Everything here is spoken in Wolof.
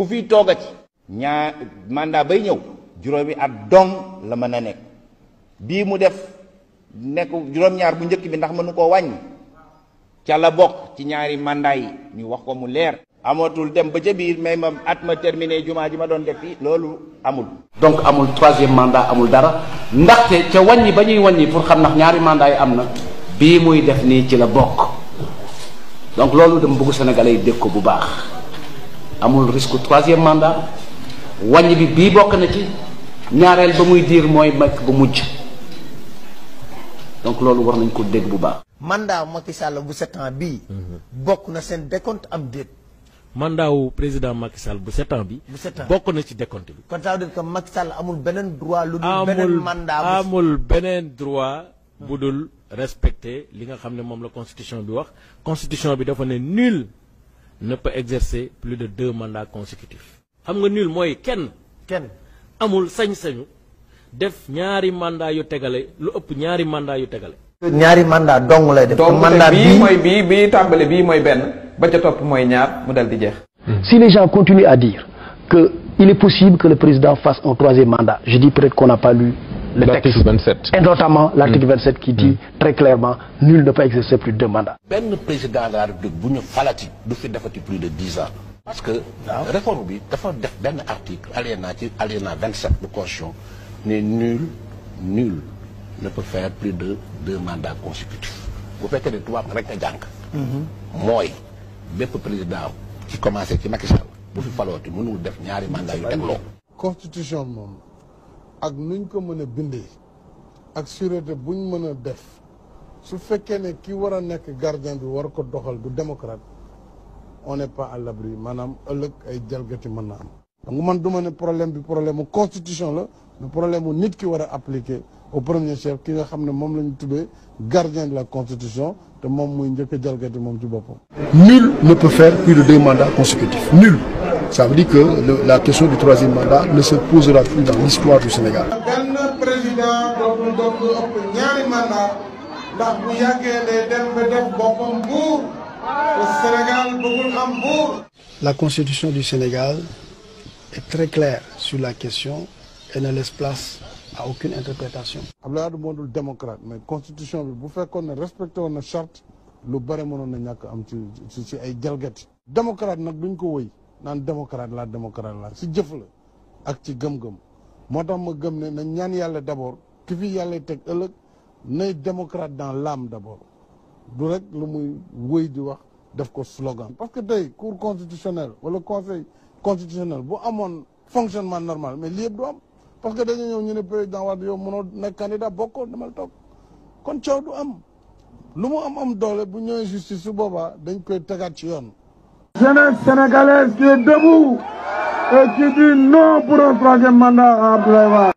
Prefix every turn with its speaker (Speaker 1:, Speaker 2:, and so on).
Speaker 1: ku fi toogati ñaa mandat bay ñëw juróomi at dong la mën a nekk bii mu def nekk juróom-ñaar bu njëkk bi ndax mënu koo wañ ca la bokk ci ñaari mandat yi ñu wax ko mu leer. amatul dem ba ca biir mais ma at ma terminé jumaa ji ma doon def fii loolu amul. donc amul troisième mandat amul dara ndaxte ca wàññi ba ñuy wàññi pour xam ndax ñaari màndaa yi am na bii muy def nii ci la bokk donc loolu dama bëgg Sénégalais yi dégg ko bu baax. amul risque troisième mandat wàññ bi bii bokk na ci ñaarel ba muy dire moy mekk bu mujj donc lolu war nañ ko dégg bu baax. mandat Macky Sall bu 7 ans bi mhm. bokk na sen décompte am déet. mandat wu président Macky Sall bu 7 ans bi. bu bokk na ci décompte bi. kon ça veut que Macky Sall amul benen droit. lu benen mandat amul benen droit. budul respecter li nga xam mom la constitution bi wax constitution bi dafa ne nul ne peut exercer plus de deux mandats consécutifs. xam nga nul moy kenn. kenn amul sañ-sañu def ñaari mandat yu tegale lu ëpp ñaari mandat yu tegale. ñaari mandat dong lay def. mandat bi moy bi bi tàmbale bi moy ben ba ca top moy ñaar mu dal di jeex. Hmm. si les gens continuent à dire que il est possible que le président fasse un troisième mandat je dis peut-être qu'on n'a pas lu. Et notamment l'article 27 mm. qui dit mm. très clairement nul ne peut exercer plus de deux mandats. le président de la République falati plus de 10 ans. parce que réforme bi article 27 de constitution nul nul ne peut faire plus de deux mandats consécutifs Vous faites des trois, rek Moi, mhm. mooy président qui ci Macky Sall bu fi nous mënul def ñaari mandat constitution ak nuñ ko mën a bindee ak sûreté buñ mën a def su fekkee ne ki war a nekk gardien bi war ko doxal du démocrate on n'est pas à l'abri maanaam ëllëg ay jalgati mën na am. donc man duma ne problème bi problème mu constitution la mais problème mu nit ki war a appliquer au premier chef ki nga xam ne moom la tuddee gardien de la constitution te moom muy njëkk a jalgati moom ci boppam. nul ne peut faire plus de deux mandats consécutifs nul. Ça veut dire que la question du troisième mandat ne se posera plus dans l'histoire du Sénégal. La constitution du Sénégal est très claire sur la question et ne laisse place à aucune interprétation. Abdoulaye monde démocrate mais constitution bi bu fekkoon ne respecté charte lu bare mënoon na ñàkk am ci ci ay démocrate nag duñ ko naan démocrate la démocrate la si jëf la ak ci gëm-gëm moo tax ma gëm ne na ñaan yàlla d'abord ki fi yàlla teg ëllëg nay démocrate dans lam d'abord du rek lu muy wéy di wax def ko slogan parce que tey cour constitutionnel wala conseil constitutionnel bu amoon fonctionnement normal mais li du am parce que dañu ñëw ñu ne président Wade yow mënoo nekk candidat bokkoo demal toog kon coow du am lu mu am am doole bu ñëwee justice su boobaa dañ koy tegaat ci yoon jeunesse sénégalaise qui est debout et qui dit non pour un troisième mandat à Abdoulaye